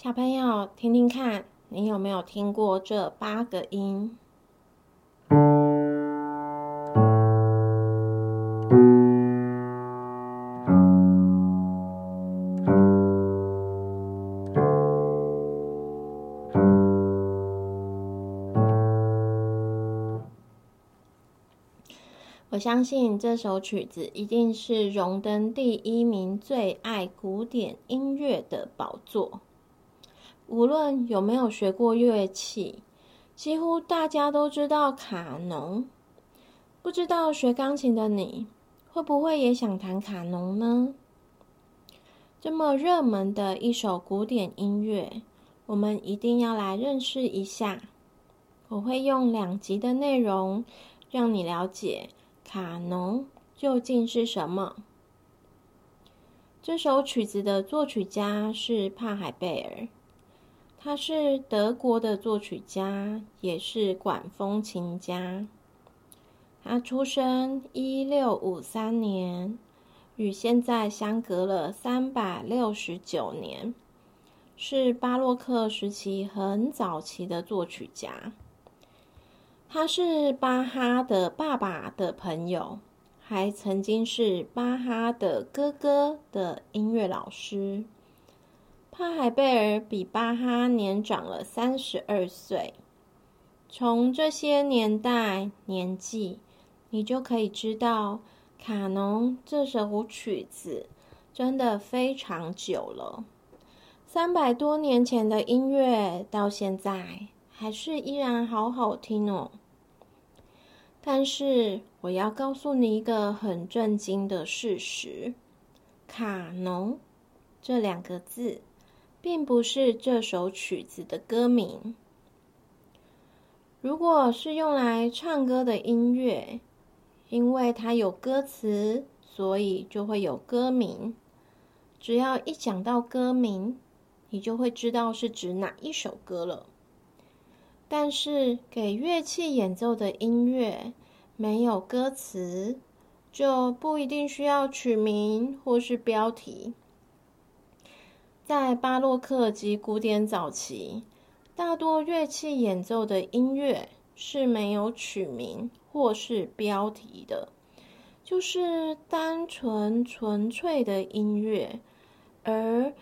小朋友，聽聽看，你有沒有聽過這八個音？我相信這首曲子一定是榮登第一名最愛古典音樂的寶座。無論有沒有學過樂器，幾乎大家都知道卡農。不知道學鋼琴的你，會不會也想彈卡農呢？這麼熱門的一首古典音樂，我們一定要來認識一下。我會用兩集的內容，讓你了解卡農究竟是什麼。這首曲子的作曲家是帕海貝爾。他是德國的作曲家，也是管風琴家。他出生一六五三年，與現在相隔了三百六十九年，是巴洛克時期很早期的作曲家。他是巴哈的爸爸的朋友，還曾經是巴哈的哥哥的音樂老師。帕海貝爾比巴哈年長了三十二歲。從這些年代、年紀，你就可以知道《卡農》這首曲子真的非常久了。三百多年前的音樂，到現在還是依然好好聽哦。但是，我要告訴你一個很震驚的事實：《卡農》這兩個字。並不是這首曲子的歌名。如果是用來唱歌的音樂，因為它有歌詞，所以就會有歌名。只要一講到歌名，你就會知道是指哪一首歌了。但是給樂器演奏的音樂沒有歌詞，就不一定需要曲名或是標題。在巴洛克及古典早期，大多樂器演奏的音樂是沒有曲名或是標題的，就是單純純粹的音樂。而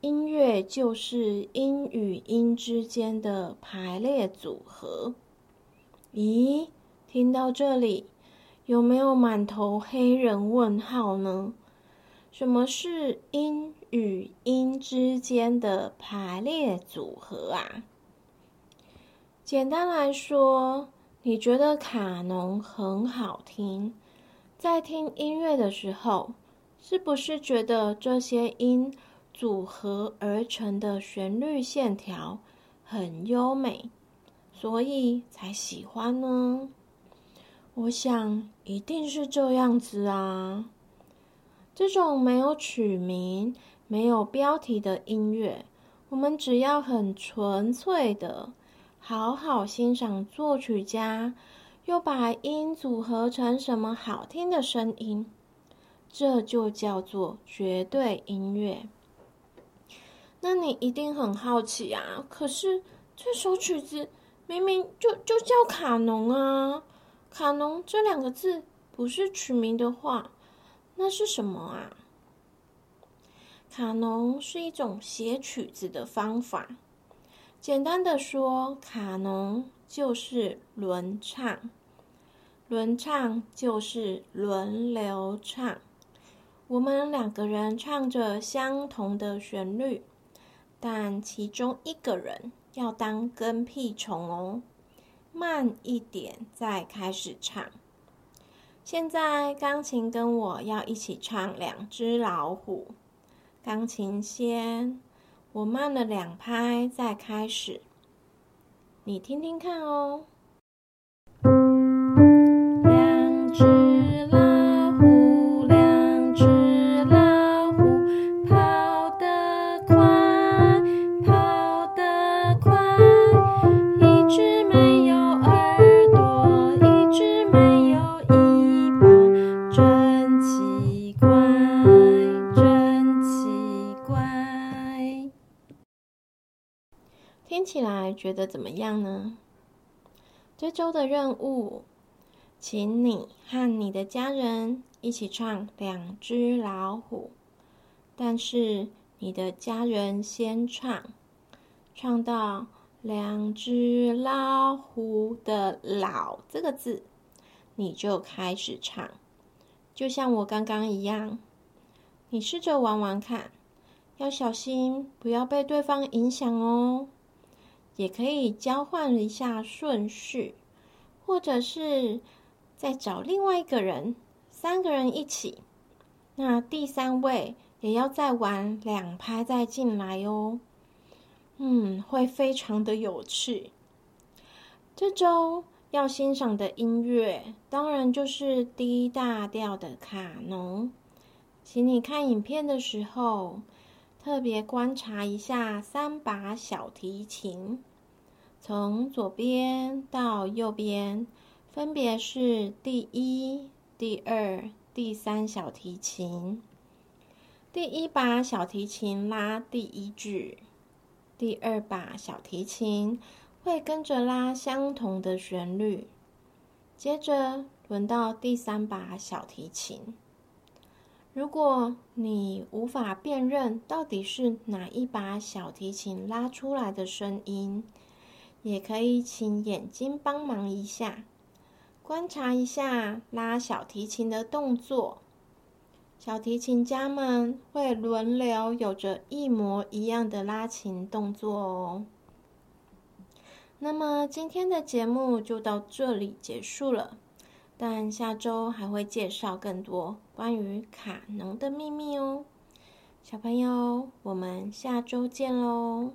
音樂就是音與音之間的排列組合。咦，聽到這裡有沒有滿頭黑人問號呢？什麼是音？語音之間的排列組合啊，簡單來說，你覺得卡農很好聽，在聽音樂的時候，是不是覺得這些音組合而成的旋律線條很優美，所以才喜歡呢？我想一定是這樣子啊，這種沒有取名。沒有標題的音樂，我們只要很純粹的好好欣賞作曲家又把音組合成什麼好聽的聲音，這就叫做絕對音樂。那你一定很好奇啊！可是這首曲子明明就就叫卡農啊，卡農這兩個字不是曲名的話，那是什麼啊？卡農是一種寫曲子的方法。簡單的說，卡農就是輪唱，輪唱就是輪流唱。我們兩個人唱着相同的旋律，但其中一個人要當跟屁蟲哦，慢一點再開始唱。現在，鋼琴跟我要一起唱《兩只老虎》。鋼琴先，我慢了兩拍再開始，你聽聽看哦。起來，覺得怎麼樣呢？這週的任務，請你和你的家人一起唱《兩隻老虎》，但是你的家人先唱，唱到《兩隻老虎》的老這個字，你就開始唱，就像我剛剛一樣。你試着玩玩看，要小心，不要被對方影響哦。也可以交換一下順序，或者是再找另外一個人，三個人一起。那第三位也要再玩兩拍再進來哦。嗯，會非常的有趣。這周要欣賞的音樂，當然就是 D 大調的卡農。請你看影片的時候。特別觀察一下三把小提琴，從左邊到右邊，分別是第一、第二、第三小提琴。第一把小提琴拉第一句，第二把小提琴會跟着拉相同的旋律，接着輪到第三把小提琴。如果你無法辨認到底是哪一把小提琴拉出來的聲音，也可以請眼睛幫忙一下，觀察一下拉小提琴的動作。小提琴家們會輪流有着一模一樣的拉琴動作哦。那麼今天的節目就到這裡結束了。但下週還會介紹更多關於卡農的祕密哦，小朋友，我們下週見囉。